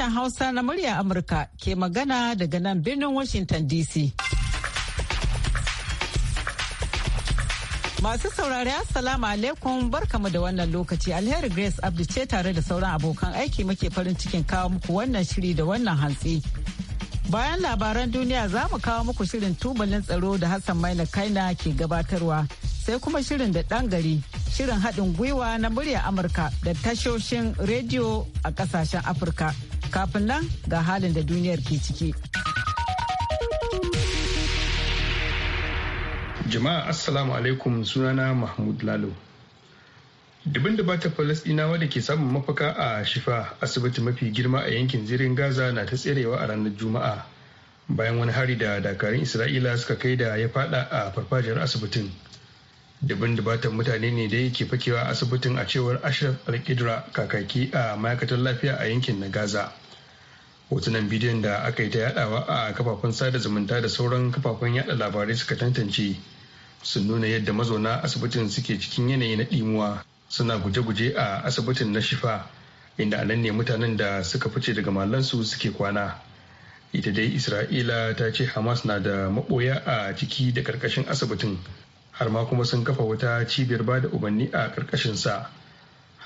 Sashen Hausa na murya Amurka ke magana daga nan birnin Washington DC. Masu saurari Assalamu alaikum barkamu da wannan lokaci alheri Grace abdu ce tare da sauran abokan aiki muke farin cikin kawo muku wannan shiri da wannan hantsi. Bayan labaran duniya za mu kawo muku shirin tubalin tsaro da Hassan Maina Kaina ke gabatarwa sai kuma shirin da ɗan gari shirin haɗin gwiwa na murya Amurka da tashoshin rediyo a ƙasashen Afirka. Kafin nan ga halin da duniyar ke ciki. Jama'a Assalamu alaikum sunana Mahmud Lalo. Dibin da bata Falasɗinawa da ke samun mafaka a Shifa asibiti mafi girma a yankin zirin Gaza na ta tserewa a ranar Juma'a bayan wani hari da dakarun Isra'ila suka kai da ya fada a farfajiyar asibitin. Dibin da bata mutane ne da yake fakewa asibitin a cewar Ashraf Alkidra kakaki a ma'aikatar lafiya a yankin na Gaza. hotunan bidiyon da aka yi ta yadawa a kafafen sada zumunta da sauran kafafen yada labarai suka tantance sun nuna yadda mazauna asibitin suke cikin yanayi na ɗimuwa suna guje-guje a asibitin na shifa inda a nan ne mutanen da suka fice daga mallansu suke kwana ita dai isra'ila ta ce hamas na da maboya a ciki da karkashin asibitin har ma kuma sun kafa wata cibiyar ba da umarni a ƙarƙashin sa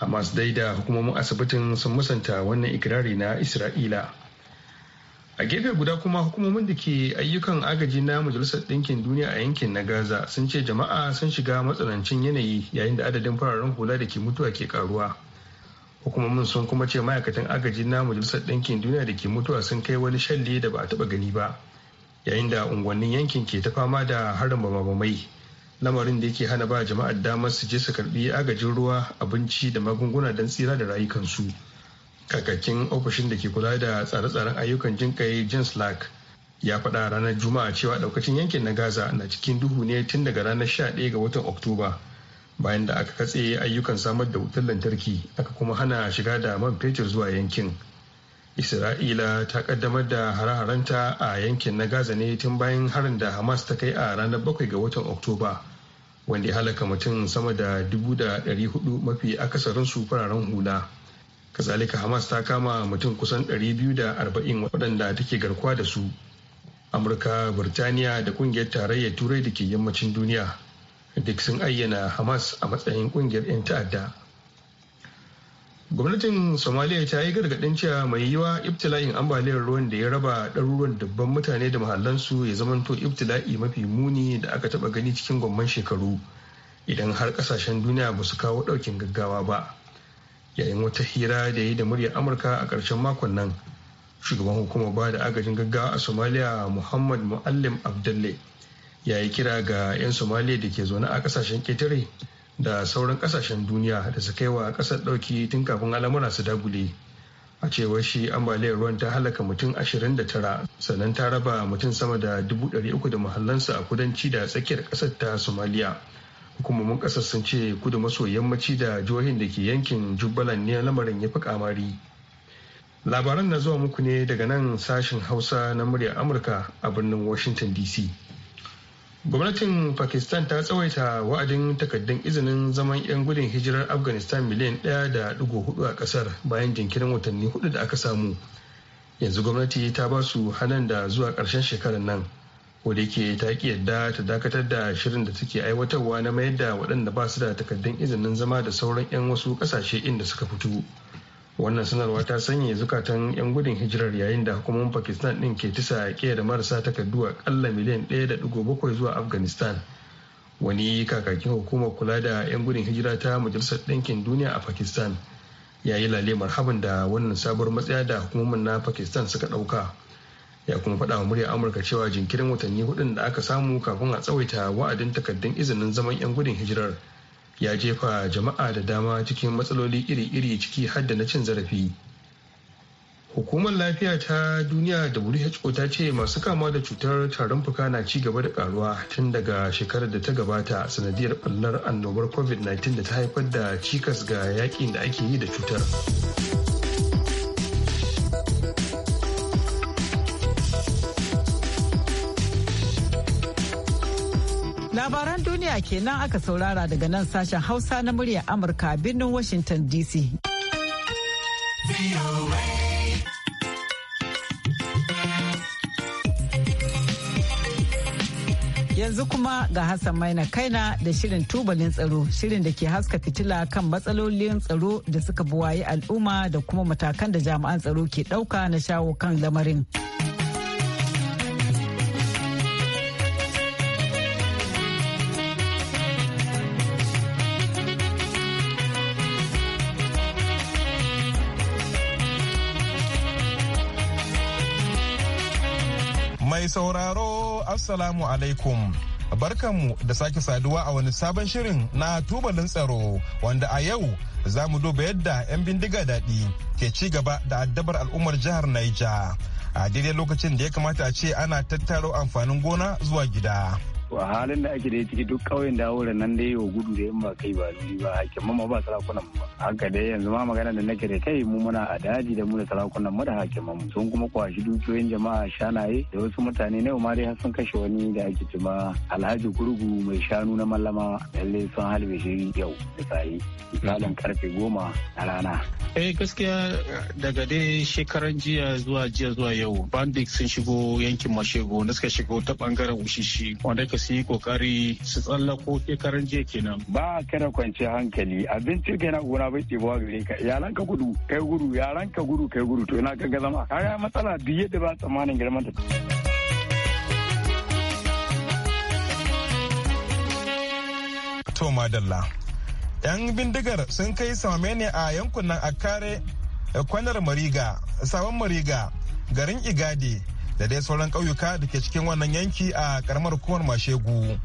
hamas dai da hukumomin asibitin sun musanta wannan ikirari na isra'ila a gefe guda kuma hukumomin da ke ayyukan agaji na majalisar ɗinkin duniya a yankin na gaza sun ce jama'a sun shiga matsanancin yanayi yayin da adadin fararen hula da ke mutuwa ke karuwa hukumomin sun kuma ce ma'aikatan agaji na majalisar ɗinkin duniya da ke mutuwa sun kai wani shalle da ba a taɓa gani ba yayin da unguwannin yankin ke ta fama da harin bamabamai lamarin da yake hana ba jama'ar damar su je su karbi agajin ruwa abinci da magunguna don tsira da rayukansu. su kakakin ofishin da ke kula da tsare-tsaren ayyukan kai james lack ya faɗa ranar juma'a cewa daukacin yankin na gaza na cikin duhu ne tun daga ranar 11 ga watan oktoba bayan da aka katse ayyukan samar da wutar lantarki aka kuma hana shiga da man fetur zuwa yankin isra'ila ta kaddamar da hare-harenta a yankin na gaza ne tun bayan harin da hamas ta kai a ranar 7 ga watan oktoba wanda ya halaka mutum sama da 400 mafi akasarin su fararen hula kazalika hamas ta kama mutum kusan 240 waɗanda take garkuwa da su amurka birtaniya da kungiyar tarayyar turai da ke yammacin duniya duk sun ayyana hamas a matsayin kungiyar 'yan ta'adda gwamnatin somaliya ta yi gargaɗin cewa mai yiwa ibtila'in ambaliyar ruwan da ya raba ɗaruruwan dubban mutane da mahallansu ya zama zamanto ibtila'i mafi muni da aka taɓa gani cikin gwamman shekaru idan har ƙasashen duniya ba su kawo ɗaukin gaggawa ba yayin wata hira da ya yi da muryar amurka a ƙarshen makon nan shugaban hukumar ba da agajin gaggawa a somaliya muhammad muallim abdulle ya yi kira ga 'yan somaliya da ke zaune a kasashen ƙetare da sauran ƙasashen duniya da su kai wa ƙasar ɗauki tun kafin al'amura su dagule a cewar shi ambaliyar ruwan ta halaka mutum 29 sannan ta raba mutum sama da 300 da muhallansa a kudanci da tsakiyar ƙasar ta somaliya hukumomin kasar sun ce kudu maso yammaci da jihohin da ke yankin jubbalan ne lamarin ya fi kamari labaran na zuwa muku ne daga nan sashen hausa na murya amurka a birnin washington dc gwamnatin pakistan ta tsawaita wa'adin takaddun izinin zaman 'yan gudun hijirar afghanistan miliyan 1.4 a kasar bayan jinkirin watanni hudu da aka samu yanzu gwamnati ta ba su hanan da zuwa karshen shekarar nan kodayake ta ki yadda ta dakatar da shirin da take aiwatarwa na mayar da waɗanda ba su da takardun izinin zama da sauran 'yan wasu ƙasashe inda suka fito wannan sanarwa ta sanya zukatan 'yan gudun hijirar yayin da hukumomin pakistan ɗin ke tisa da marasa takardu a akalla miliyan 1.7 zuwa afghanistan wani kakakin hukumar kula da 'yan gudun hijira ta majalisar ɗinkin duniya a pakistan ya yi lale marhaban da wannan sabuwar matsaya da hukumomin na pakistan suka ɗauka ya kuma faɗa wa muryar amurka cewa jinkirin watanni hudun da aka samu kafin a tsawaita wa'adin takaddun izinin zaman 'yan gudun hijirar ya jefa jama'a da dama cikin matsaloli iri-iri ciki har da na cin zarafi hukumar lafiya ta duniya who ta ce masu kama da cutar tarin fuka na ci gaba da karuwa tun daga shekarar da ta gabata sanadiyar ɓallar annobar covid-19 da ta haifar da cikas ga yakin da ake yi da cutar. Labaran duniya kenan aka saurara daga nan sashen Hausa na muryar Amurka birnin Washington DC. Yanzu kuma ga Hassan Maina Kaina da shirin tubalin tsaro, shirin da ke haska fitila kan matsalolin tsaro da suka buwaye al'umma da kuma matakan da jami'an tsaro ke ɗauka na shawo kan lamarin. Mai sauraro Assalamu alaikum. Barkanmu da sake saduwa a wani sabon shirin na tubalin tsaro wanda a yau za mu duba yadda 'yan bindiga daɗi ke ci gaba da addabar al'ummar jihar Naija. A daidai lokacin da ya kamata a ce ana tattaro amfanin gona zuwa gida. a halin da ake da ciki duk ƙauyen da wurin nan dai yau gudu da yamma kai ba zuri ba hakin mamma ba sarakunan ba haka dai yanzu ma magana da nake da kai mu muna a daji da mu da sarakunan mu da hakiman mu sun kuma kwashi dukiyoyin jama'a shanaye da wasu mutane na ma dai har sun kashe wani da ake cima Alhaji Gurgu mai shanu na mallama lalle sun halbe shi yau da sayi misalin karfe goma na rana. Eh gaskiya daga dai shekaran jiya zuwa jiya zuwa yau bandit sun shigo yankin Mashego na suka shigo ta bangaren Ushishi wanda ka su yi kokari su tsallako shekaran jiya kenan. Ba kada kwanciyar hankali abinci kai na gona bai ce ba gare ka yaran ka gudu kai gudu yaran ka gudu kai gudu to ina ka ga zama ya matsala biye da ba tsammanin girman ta. To madalla. Yan bindigar sun kai same ne a yankunan Akare eh, kwanar Mariga, Sabon Mariga, garin Igade, da dai sauran ƙauyuka da ke cikin wannan yanki a karamar hukumar mashegu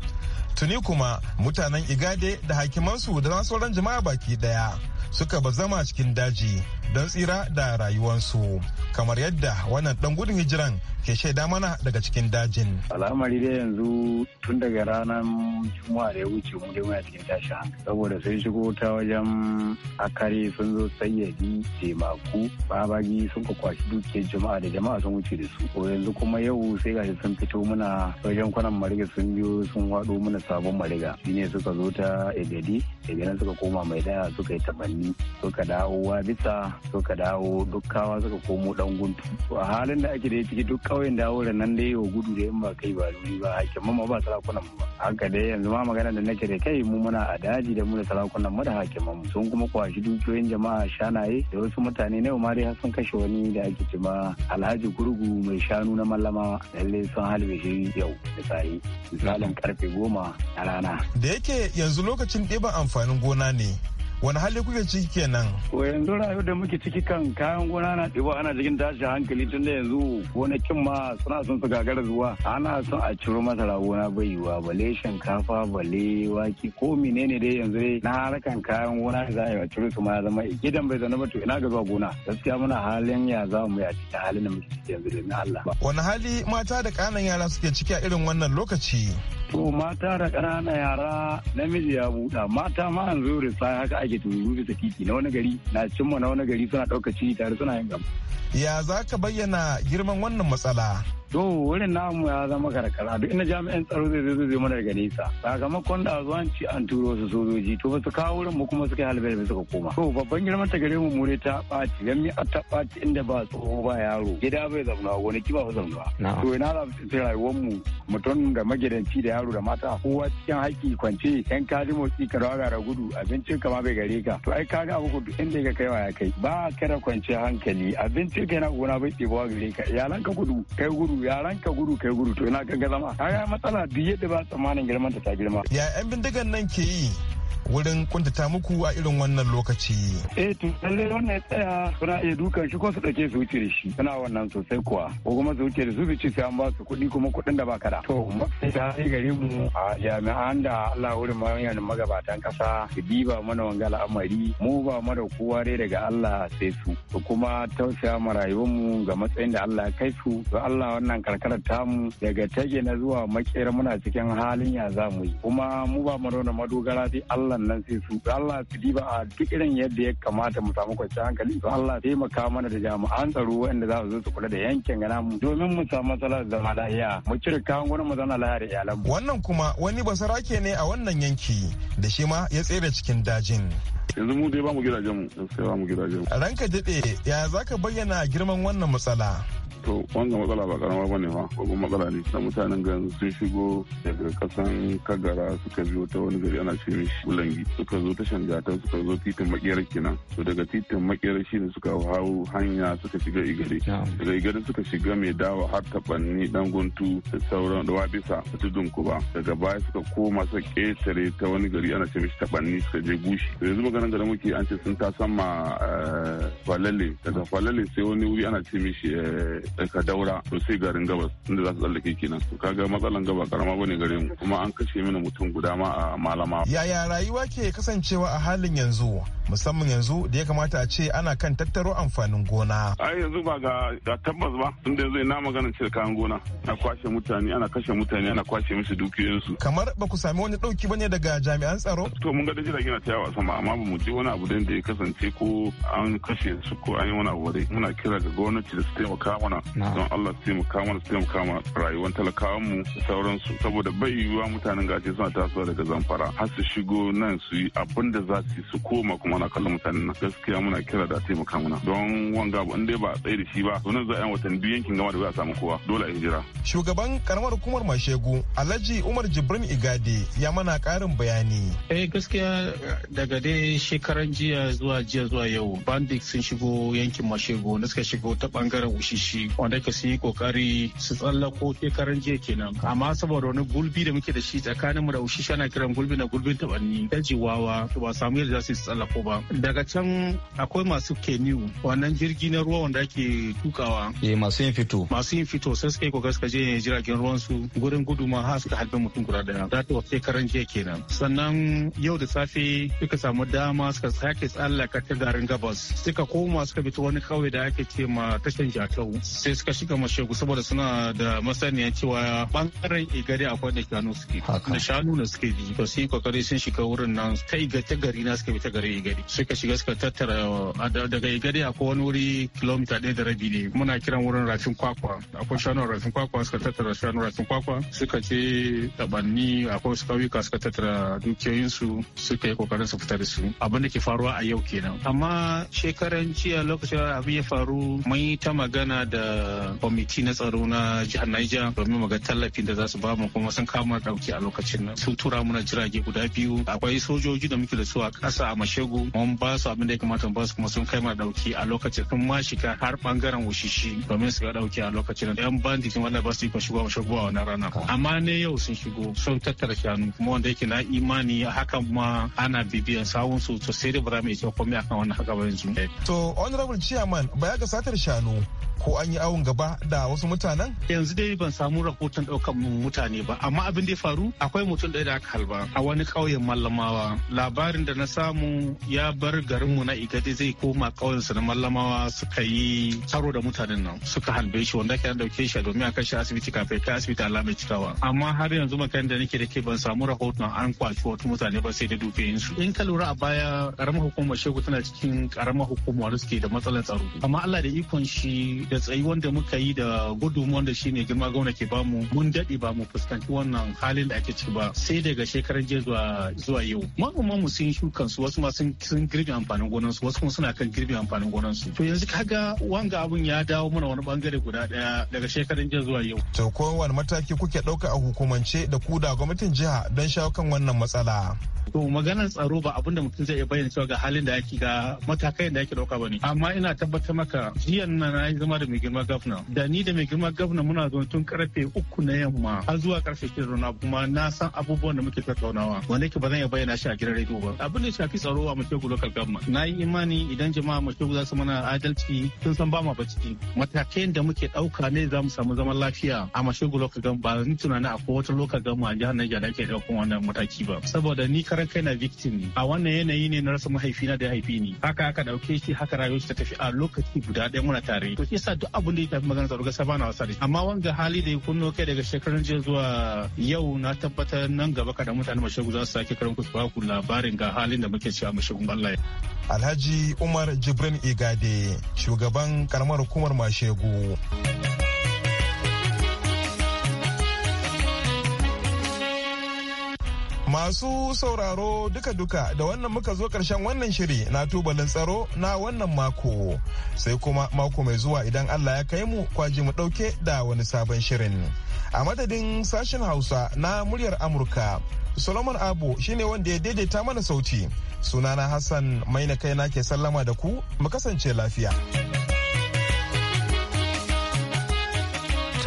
tuni kuma mutanen igade da hakimansu da na sauran jama'a baki daya suka bazama cikin daji don tsira da rayuwansu kamar yadda wannan dan gudun hijiran ke shaida mana daga cikin dajin. Al'amari dai yanzu tun daga ranar Juma'a da ya wuce mu dai muna cikin tashi hankali saboda sun shigo ta wajen akare sun zo sayyadi taimaku babagi sun ka kwashi dukiyar Juma'a da jama'a sun wuce da su. Ko yanzu kuma yau sai gashi sun fito muna wajen kwanan mariga sun biyo sun haɗo muna sabon mariga ne suka zo ta Egedi daga nan suka koma mai daya suka yi tabanni suka dawo wa bisa suka dawo dukkawa suka komo dan guntu. A halin da ake da ya ciki duk kawai da wurin nan da yiwa gudu da in ba kai ba zuri ba hakin mu ba sarakunan mu ba haka dai yanzu ma magana da nake da kai mu muna a daji da mu da sarakunan mu da hakiman mu sun kuma kwashi dukiyoyin jama'a shanaye da wasu mutane na yau ma dai sun kashe wani da ake cima alhaji gurgu mai shanu na mallama lalle sun halbe shi yau da sai misalin karfe goma na rana da yake yanzu lokacin ɗiban amfanin gona ne wani hali kuke ciki kenan to yanzu rayuwar da muke ciki kan kayan gona na ɗiba ana cikin tashin hankali tun da yanzu gonakin ma suna son su gagara zuwa ana son a ciro masara gona bai yiwa bale shinkafa bale waki ko menene dai yanzu dai na harkan kayan gona da za a yi wa ciro su ma ya zama gidan bai zama to ina ga zuwa gona gaskiya muna halin ya za mu ya cikin halin da muke ciki yanzu da Allah wani hali mata da ƙananan yara suke ciki a irin wannan lokaci to mata da ƙanana yara namiji ya buɗa mata ma da risa haka ake tururu da titi na wani gari na cimma na wani gari suna ɗaukaci tare suna yin gaba. ya za ka bayyana girman wannan matsala to wurin namu ya zama karkara duk inda jami'an tsaro zai zai zai mana daga nesa sakamakon da zuwan ci an turo su sojoji to basu kawo wurin mu kuma suka halbe da suka koma to babban girman ta gare mu mure ta ɓaci dan mi ta ɓaci inda ba tsoho ba yaro gida bai zauna gonaki ba zauna to ina za mu tsira rayuwar mu mutum da magidanci da yaro da mata kowa cikin haƙƙi kwance yan kaji motsi ka rawa gara gudu abincin ka ma bai gare ka to ai kaga abu duk inda ka kaiwa ya kai ba kada kwance hankali abincin ka yana gona bai ɗebawa gare ka iyalan ka gudu kai gudu yaran ka gudu kai gudu to ina ga zama kaga matsala biye da ba tsammanin girman ta ta girma ya yan bindigan nan ke yi wurin kuntata muku a irin wannan lokaci. Eh to lalle wannan ya tsaya suna iya dukan shi ko su ɗauke su wuce da shi suna wannan sosai kuwa ko kuma su wuce da su su sai an ba su kuɗi kuma kuɗin da ba ka da. To mafi ta yi gari mu a jami'an da Allah wurin mayan magabatan kasa su ba mana wanga al'amari mu ba mara kowa dai daga Allah sai su to kuma tausaya ma mu ga matsayin da Allah ya kai su to Allah wannan karkarar tamu daga tage na zuwa makera muna cikin halin ya za mu yi kuma mu ba mu madogara dai Allah Allah nan sai su Allah su diba a duk irin yadda ya kamata mu samu kwanciyar hankali to Allah taimaka mana da jami'an tsaro wanda za su zo su kula da yankin gana mu domin mu samu matsalar zama lafiya mu cire kayan gwamnati mu zauna lafiya da iyalan mu wannan kuma wani basarake ne a wannan yanki da shi ma ya tsere cikin dajin yanzu mu dai ba mu gidajen mu sai ba mu gidajen mu ranka dade ya zaka bayyana girman wannan matsala to wannan matsala ba karama ba ne ba babban matsala ne na mutanen gan sun shigo daga kasan kagara suka biyo ta wani gari ana ce mishi bulangi suka zo tashan shangata suka zo titin makiyar kenan to daga titin makiyar shi ne suka hau hanya suka shiga igare daga igare suka shiga mai dawa har tabanni dan guntu da sauran da wabisa da tudun kuba daga baya suka koma suka ketare ta wani gari ana ce mishi tabanni suka je gushi to yanzu maganar gari muke an ce sun ta sama eh, falale daga falale sai wani wuri ana ce mishi eh, daga eh, daura to sai garin gabas inda za su tsallake kenan to kaga matsalan gaba karama bane gare mu kuma an kashe mini mutum guda ma a malama yaya rayuwa ke kasancewa a halin yanzu musamman yanzu da ya kamata a ce ana kan tattaro amfanin gona a yanzu ba ga ga tabbas ba da yanzu ina magana cire kayan gona ana kwashe mutane ana kashe mutane ana kwashe musu dukiyoyinsu kamar ba ku sami wani dauki bane daga jami'an tsaro to mun ga da jiragen gina tayawa sama amma ba mu ji wani abu da ya kasance ko an kashe su ko an yi wani abu dai muna kira ga gwamnati da su taimaka mana don Allah su taimaka mana su taimaka kama rayuwar talakawan mu sauransu saboda bai yiwuwa mutanen gace suna tasowa daga zamfara har su shigo nan su yi abin da za su su koma kuma na kallon mutanen nan gaskiya muna kira da taimaka mana don wanga in dai ba a tsaye da shi ba to za a yan watan biyu yankin gama da za a samu kowa dole a jira. Shugaban karamar hukumar Mashegu Alhaji Umar Jibrin Igade ya mana karin bayani. Eh gaskiya daga dai shekaran jiya zuwa jiya zuwa yau bandit sun shigo yankin Mashegu da suka shigo ta bangaren Ushishi wanda ka sun yi kokari su tsallako shekaran jiya kenan amma saboda wani gulbi da muke da shi tsakanin mu da ushi shana kiran gulbi na gulbin tabanni da jiwawa to ba samu yadda za su tsallako ba daga can akwai masu keniyu wannan jirgi na ruwa wanda ake tukawa eh masu yin fito masu yin fito sai suka yi kokari suka je jiragen ruwan su gurin gudu ma har suka halbe mutum guda daya da ta karan jiya kenan sannan yau da safe suka samu dama suka sake tsallaka ta garin gabas suka koma suka bi ta wani kauye da ake ce ma tashan jatau sai suka shiga mashegu saboda suna da masaniya cewa bangaren igari akwai da shanu suke da shanu na suke bi to sai kokari sun shiga wurin nan ta iga ta gari na suka bi ta gari igari suka shiga suka tattara daga igari akwai wani wuri kilomita ɗaya da rabi ne muna kiran wurin rafin kwakwa akwai shanu rafin kwakwa suka tattara shanu rafin kwakwa suka ce tabanni akwai wasu kauyuka suka tattara dukiyoyinsu suka yi kokarin su fita da su abin da ke faruwa a yau kenan amma shekaran jiya lokacin abin ya faru mun yi ta magana da kwamiti na tsaro na jihar Niger domin mu ga tallafin da za su ba mu kuma sun kama dauki a lokacin nan Su tura muna jirage guda biyu akwai sojoji da muke da su a kasa a Mashegu mun ba su abin da ya kamata ba su kuma sun kai ma dauki a lokacin sun ma shiga har bangaren wushishi domin su ga dauki a lokacin nan yan banditin wanda ba su yi shigo Mashegu a wannan rana amma ne yau sun shigo sun tattara shanu kuma wanda yake na imani hakan ma ana bibiyan sawun su to sai da ba za mu iya komai akan wannan haka ba yanzu to honorable chairman baya ga satar shanu ko an yi awon gaba da wasu mutanen? Yanzu dai ban samu rahoton ɗaukan mutane ba, amma abin da ya faru akwai mutum ɗaya da aka halba a wani ƙauyen Mallamawa. Labarin da na samu ya bar garinmu na Igade zai koma ƙauyensa na Mallamawa suka yi karo da mutanen nan suka halbe shi wanda kan dauke shi domin a kashe asibiti kafin kai asibiti alamai cikawa. Amma har yanzu makan da nake da ke ban samu rahoton an kwaci wasu mutane ba sai da su. In ka lura a baya ƙaramar hukumar Shegu tana cikin ƙaramar hukumar da suke da matsalar tsaro. Amma Allah da ikon shi da tsayi wanda muka yi da wanda shi ne girma gauna ke bamu mun daɗe ba mu fuskanci wannan halin da ake ciki ba sai daga shekaran jiya zuwa yau manoma mu sun shuka su wasu ma sun girbe amfanin gonan su wasu kuma suna kan girbe amfanin gonan su to yanzu kaga wanga abun ya dawo mana wani bangare guda daya daga shekaran jiya zuwa yau to ko wani mataki kuke ɗauka a hukumance da ku da gwamnatin jiha don shawo kan wannan matsala to maganar tsaro ba abin da mutum zai iya bayyana cewa ga halin da yake ga matakai da ake dauka bane amma ina tabbatar maka Jiya na na zama da mai girma gafna da ni da mai girma gafna muna zuwa tun karfe uku na yamma har zuwa karfe shida na kuma na san abubuwan da muke tattaunawa wanda yake ba zan iya bayyana shi a gidan rediyo ba abin da shafi tsaro a Mashegu local government na yi imani idan jama'a Mashegu za su mana adalci sun san ba ma ba ciki da muke dauka ne za mu samu zaman lafiya a Mashegu local government ba ni tunanin akwai wata local government a jihar Niger da ke daukan wannan mataki ba saboda ni kar karan kai na victim ne a wannan yanayi ne na rasa mahaifina da ya haifi ni haka aka dauke shi haka rayuwar ta tafi a lokaci guda ɗaya muna tare to yasa duk abun da ya tafi magana tsaro gaskiya bana wasa da amma wanga hali da ya kunno kai daga shekarun jiya zuwa yau na tabbatar nan gaba kada mutane mashagu za su sake karan ku ba labarin ga halin da muke cewa mashagun Allah Alhaji Umar Jibrin Igade shugaban karamar hukumar Mashegu. Masu sauraro duka-duka da wannan muka zo karshen wannan shiri na tubalin tsaro na wannan mako. Sai kuma mako mai zuwa idan Allah ya kai mu kwaji mu ɗauke da wani sabon shirin. A madadin sashen Hausa na muryar Amurka, Solomon Abu shine wanda ya daidaita mana sauti. Sunana Hassan maina kaina ke sallama da ku, mu kasance lafiya.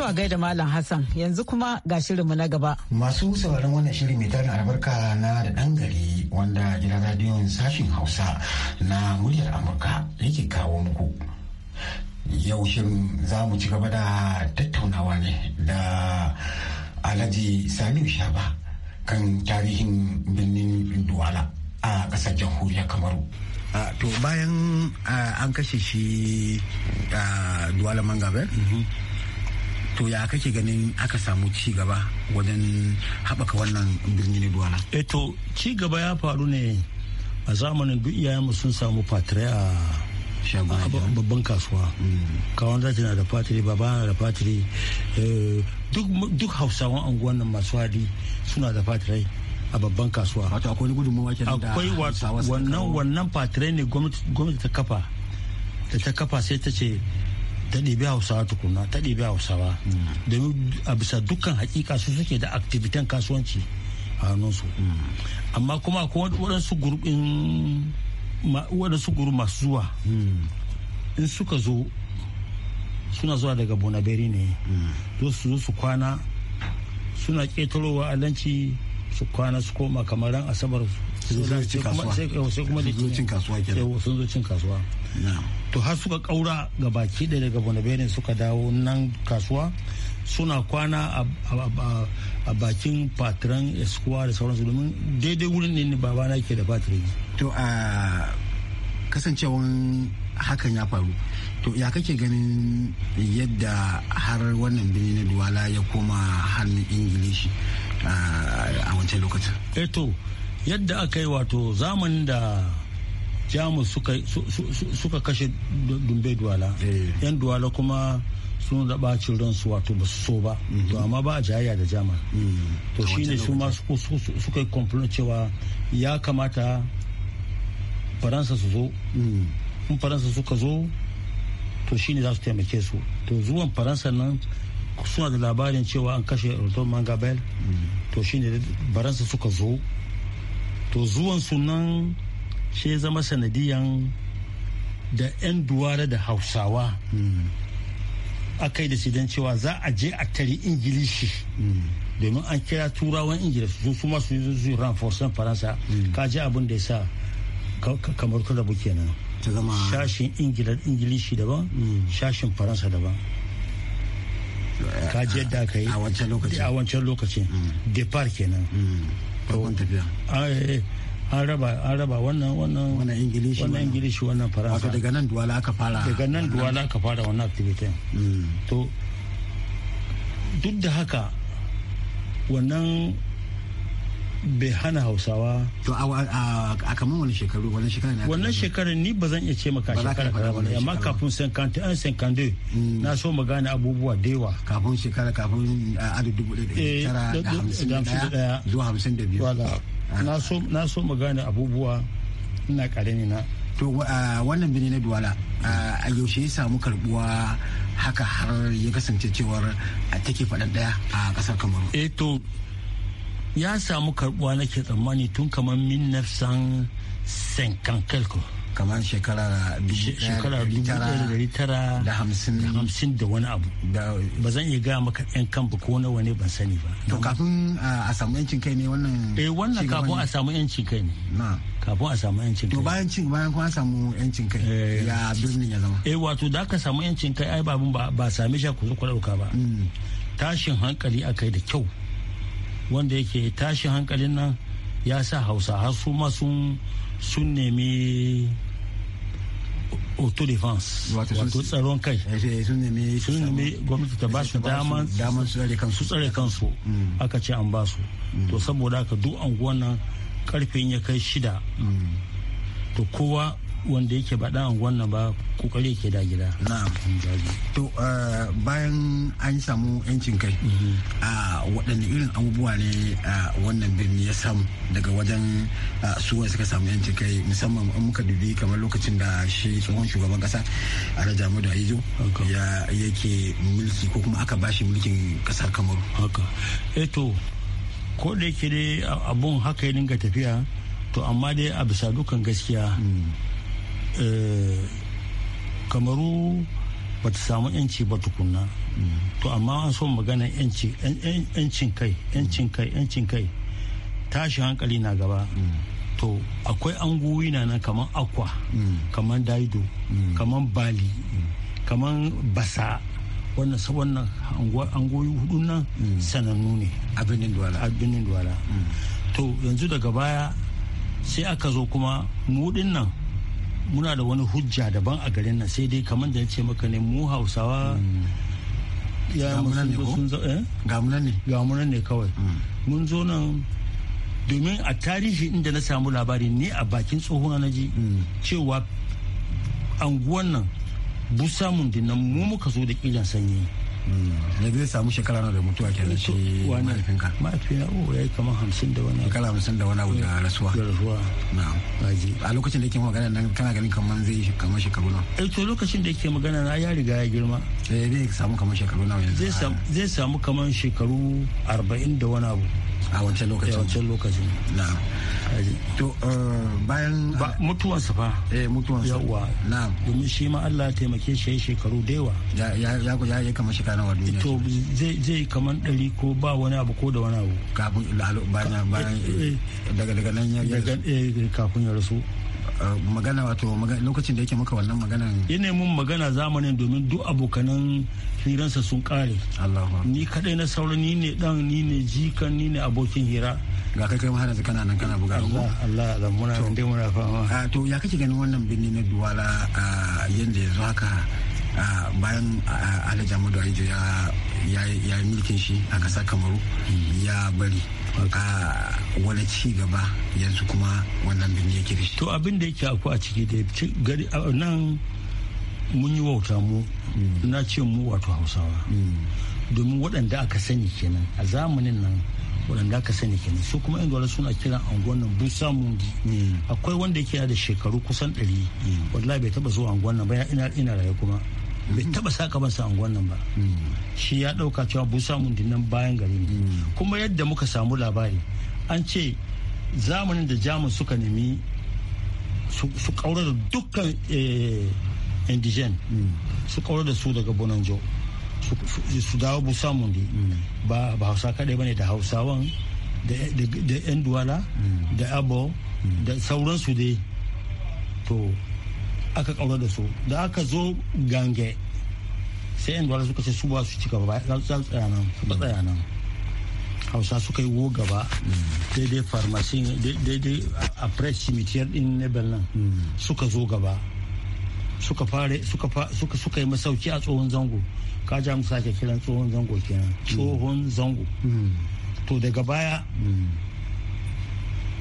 To gai gaida Malam Hassan yanzu kuma ga shirinmu na gaba. Masu sauraron wannan shiri mai tarin albarka na da ɗan gari wanda gidan radiyon sashin Hausa na muryar Amurka yake kawo muku. Yau shirin za mu ci gaba da tattaunawa ne da Alhaji Saliu Shaba kan tarihin birnin Duwala a ƙasar jamhuriyar Kamaru. Uh, to bayan uh, an kashe shi uh, Duwala Mangabe, mm -hmm. to ya kake ganin aka samu ci gaba wajen haɓaka wannan birnin duwala eh to ci gaba ya faru ne a zamanin duk iyayenmu sun samu fatirai a babban kasuwa mm. kawon zaki na da fatiri baba na da fatiri eh, duk hausawan anguwan nan masu hadi suna da fatirai a babban kasuwa wato akwai wani gudunmawa kenan da akwai wannan wannan fatirai ne gwamnati ta kafa da ta kafa sai ta ce ta ɗibi hausawa tukuna ta ɗibi hausawa domin a bisa dukkan hakika su suke da aktivitan kasuwanci a hannunsu amma kuma waɗansu gurbin waɗansu guru masu zuwa in suka zo suna zuwa daga bonaberi ne to su zo su kwana suna ƙetarowa alanci su kwana su koma kamar ran asabar sun kasuwa sai kuma sun zo cin kasuwa to har suka kaura ga baki ɗaya daga bonaberin suka dawo nan kasuwa suna kwana a bakin patron eskuwa da sauransu domin daidai wurin ne na ke da patron to a kasancewan hakan ya faru to ya kake ganin yadda har wannan birni na duwala ya koma hannun ingilishi a wancan lokacin eh yadda aka yi wato zamanin da jamus suka kashe dumbe duwala eh. yan duwala kuma sun zaɓa cin ransu wato ba su so ba mhm. to amma ba a jayayya da jama mm. to shine su ma suka yi komplain cewa ya kamata faransa su zo mm. in faransa suka zo to shine za su taimake su to zuwan faransa nan suna da labarin cewa an kashe rotor mangabel mm. to shine faransa suka zo to zuwan sunan shi zama sanadiyan da 'yan duwara da hausawa aka yi da sidan cewa za a je a tari ingilishi domin an kira turawan ingila su su masu yi zuwa ranforsan faransa ka ji abin da ya sa kamar ka rabu kenan shashin ingilishi daban shashin faransa daban ka ji yadda ka yi a wancan lokacin depart kenan farkon tafiya ah, eh, eh. an raba an raba wannan wannan wannan ingilishi wannan ingilishi wannan faransa wato daga nan duwala aka fara daga nan duwala aka fara wannan activity hmm. to duk da haka wannan bai hana hausawa to a kamar wani shekaru wani shekaru ne wannan shekarar ni ba zan iya ce maka shekarar karamar amma kafin sankanti an kande hmm. na so magana abubuwa da yawa kafin shekara kafin adadin dubu eh, da hamsin da zuwa hamsin da biyu ah. na so mu gane abubuwa ina karami na to wannan bini na duwala a yaushe ya samu karbuwa haka har ya kasance cewar take faɗan daya a ƙasar kamaru eh to ya samu karbuwa nake tsammani tun kamar min nafsan senkankalko kamar shekara da hamsin da wani abu ba zan iya gaya maka yan kan ba ko nawa ne ban sani ba to kafin a samu yancin kai ne wannan eh wannan kafin a samu yancin kai ne kafin a samu yancin kai to bayan cin bayan kuma samu yancin kai eh. ya birnin ya zama eh wato da aka samu yancin kai ai babun ba sami shi ku ku dauka ba mm. tashin hankali akai da kyau wanda yake tashi hankalin nan ya sa hausa har su masu sun nemi auto defense wato tsaron kai eh, eh, sun nemi gwamnati ta basu daman su tsare kansu mm. aka ce an basu mm. to saboda haka duk anguwan nan karfin ya kai shida mm. to kowa wanda yake ba dan wannan ba kokari yake da gida to uh, bayan an samu yancin kai a mhm. uh, waɗanne irin abubuwa ne uh, wannan birni ya samu daga wajen suwa suka samu yancin kai musamman an muka dubi kamar lokacin da shi tsohon shugaban kasa mu da ijo ya yake mulki ko kuma aka bashi mulkin kasar kamaru haka eto eh ko da yake dai abun haka ya dinga tafiya to amma dai a bisa dukan gaskiya mm. Eh, kamaru ba ta samu yanci ba tukunna to amma an so magana yancin kai yancin kai yancin kai tashi hankali na gaba to akwai anguwi na nan kamar akwa kamar daido kamar bali kamar basa wannan wannan angoyi hudu nan sanannu ne a birnin duwala to yanzu daga baya sai aka zo kuma mudin nan muna da wani hujja daban a garin nan sai dai kamar da ya ce maka ne mu hausawa hmm. gamunan eh? ne kawai hmm. mun zo nan domin a tarihi inda na samu labari ne a bakin tsohon na ji hmm. cewa anguwan nan busa mun dinnan mu muka zo da kilan sanyi da mm. zai samu shekara na da mutuwa da shi mahaifinka mahaifina o oh, ya yi kamar hamsin da wani shekara hamsin da wani abu da rasuwa da rasuwa na a lokacin da yake magana nan kana ganin kamar zai yi kamar shekaru na eh to lokacin da yake magana na ya riga ya girma eh, zai samu kamar shekaru na yanzu zai samu kamar shekaru arba'in da wani abu a wancan lokacin a wancan lokacin na to eh, bayan ba mutuwansa fa eh mutuwansa yawa na'am domin shi ma Allah ya taimake shi shekaru da yawa ya ya ya ya kamar shekara nawa duniya to zai zai kamar dari ko ba wani abu ko da wani abu kafin bayan bayan eh, eh, daga daga nan ya daga kafin ya rasu magana wato lokacin da yake maka wannan magana ya mun magana zamanin domin duk abokanan hiransa sun kare ni kadai na sauran ni ne dan ni ne jikan ni ne abokin hira ga kai kai ma hana kana nan kana buga Allah Allah muna nan dai muna fama a to ya kake ganin wannan binni na Duwala yanda yanzu haka bayan Alhaji Ahmadu Ajo ya ya yi mulkin shi a kasar Kamaru mm. ya bari a wani ci gaba yanzu kuma wannan binni yake da shi to abin da yake akwai a ciki da gari nan mun yi wauta mu mm. na ce mu wato Hausawa mm. domin waɗanda aka sani kenan a zamanin nan waɗanda aka sani kenan su kuma yan suna kiran anguwan nan busa mungi akwai wanda yake da shekaru kusan ɗari wallahi bai taba zuwa anguwan nan ba ina ina raye kuma bai taba saka sa anguwan nan ba shi ya ɗauka cewa busa mungi nan bayan gari ne kuma yadda muka samu labari an ce zamanin da jamus suka nemi su kaura da dukkan eh, indigen su kaurar da su daga bonanjo su dawo busa mundi. ba hausa kadai bane da hausawan da yan duwala da abo da sauransu dai to aka kaura da su da aka zo gange sai yan duwala suka ce su ba su ci gaba ba za su tsaya nan su tsaya nan hausa suka yi wo gaba daidai farmasin daidai a press cimitiyar din nebel nan suka zo gaba suka fare suka suka yi masauki a tsohon zango ka ja mu sake kiran tsohon zango kenan tsohon zango to daga baya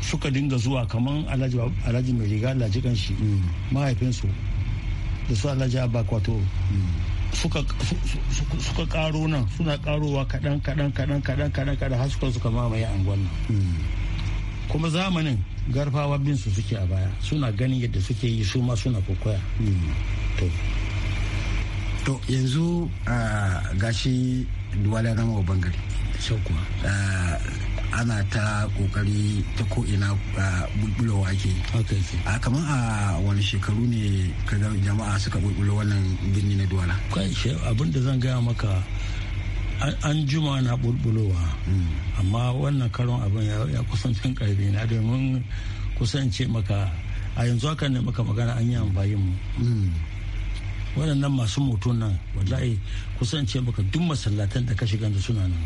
suka dinga zuwa kamar alhaji mai riga alhaji shi mahaifinsu da su alhaji abakwato suka karo nan suna karowa kadan kadan kadan kadan kadan kadan har suka suka mamaye angon nan kuma zamanin garfawa bin su suke a baya suna ganin yadda suke yi su ma suna kokoya to to yanzu gashi duwala na mawa bangare ana ta kokari ta ko'ina bulbulowa ake a kamar a wani shekaru ne kaga jama'a suka bulbulo wannan birni na duwala abin da zan gaya maka an juma na bulbulowa mm. amma wannan karon abin ya kusan cin karfi na domin kusance maka a yanzu haka ne maka magana an yi amfani mu mm. waɗannan masu moto nan wallahi kusan ce maka duk masallatan da ka shiga da suna nan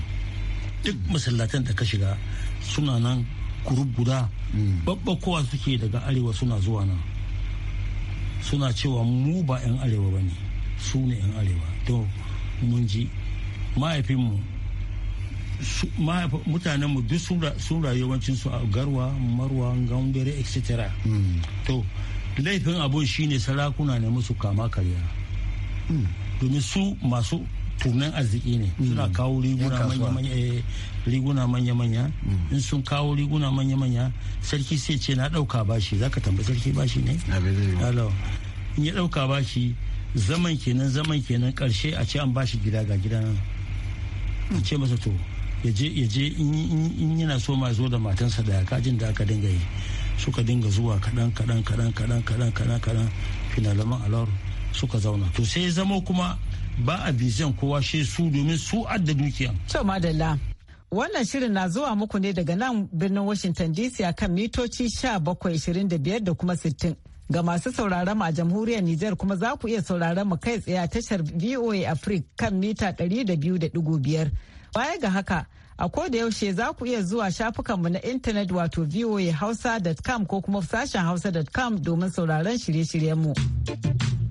duk masallatan da ka shiga suna nan kurub guda mm. kowa suke daga arewa suna zuwa nan suna cewa mu ba 'yan arewa ba ne su ne 'yan arewa to mun ji mahaifinmu mutanenmu duk sun rayuwancinsu a garwa marwa gaundare etc mm. to laifin abun shine sarakuna ne musu kama karya hmm. domin su masu tunan arziki ne hmm. suna kawo riguna manya-manya eh, riguna manya-manya hmm. in sun kawo riguna manya-manya sarki sai ce na dauka bashi zaka tambayi sarki bashi ne in ya dauka bashi zaman kenan zaman kenan karshe a ce an bashi gida ga gida nan a ce masa to ya je in yana so ma zo da matansa da kajin da aka dinga yi suka dinga zuwa kaɗan kaɗan kaɗan kaɗan kaɗan kadan kadan finalaman alawar suka zauna to sai zama kuma ba a bizan kowa shi su domin su adda dukiya. to madalla wannan shirin na zuwa muku ne daga nan birnin washington dc a kan mitoci 1725 da kuma 60 ga masu sauraron a jamhuriyar nijar kuma za ku iya sauraron mu kai tsaye a tashar voa africa kan mita 200.5 baya ga haka A ko da yaushe za ku iya zuwa shafukanmu na intanet wato voahausa.com ko kuma sashen hausa.com domin sauraron shirye-shiryenmu. mu.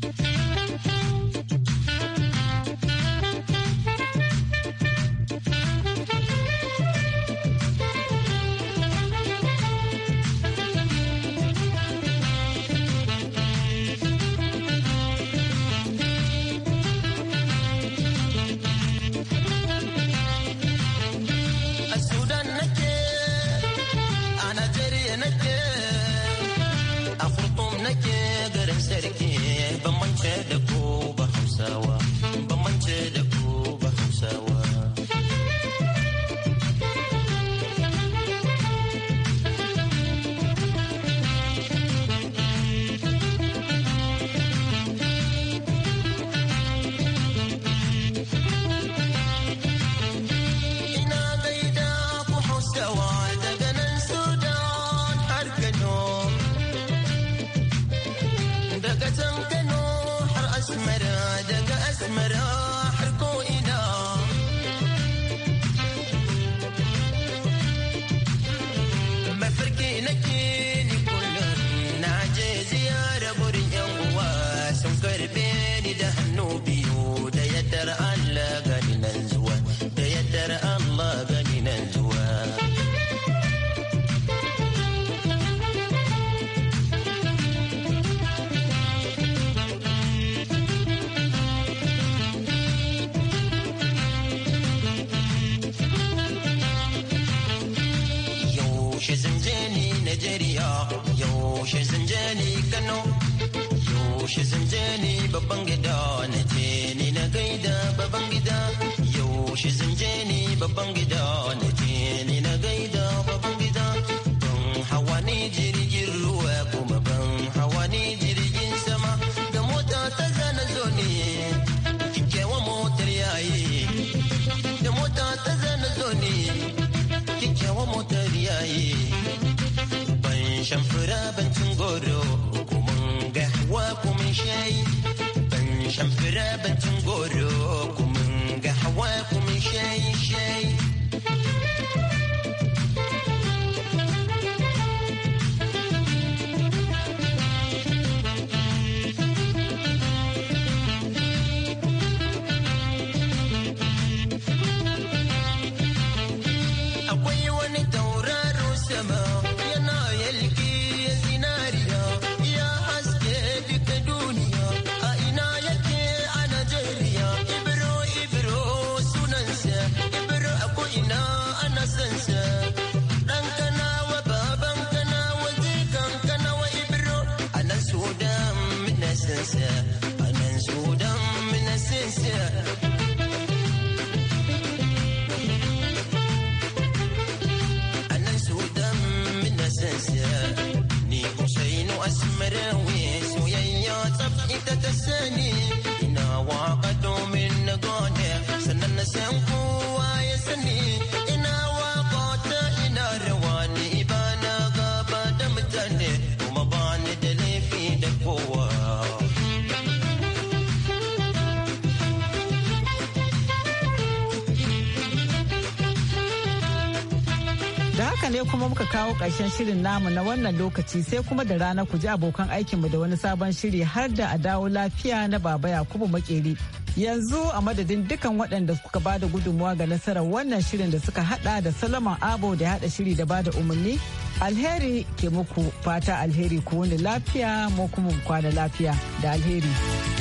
komai ban shan fira batun goro kuma muka kawo ƙarshen shirin namu na wannan lokaci sai kuma da rana ku ji abokan aikinmu da wani sabon shiri har da a dawo lafiya na baba Yakubu Makeri. Yanzu a madadin dukan waɗanda suka ba da gudunmuwa ga nasarar wannan shirin da suka hada da Salaman Abo da hada shiri da ba da umarni. Alheri ke muku fata alheri ku wani lafiya mu kuma kwana lafiya da alheri.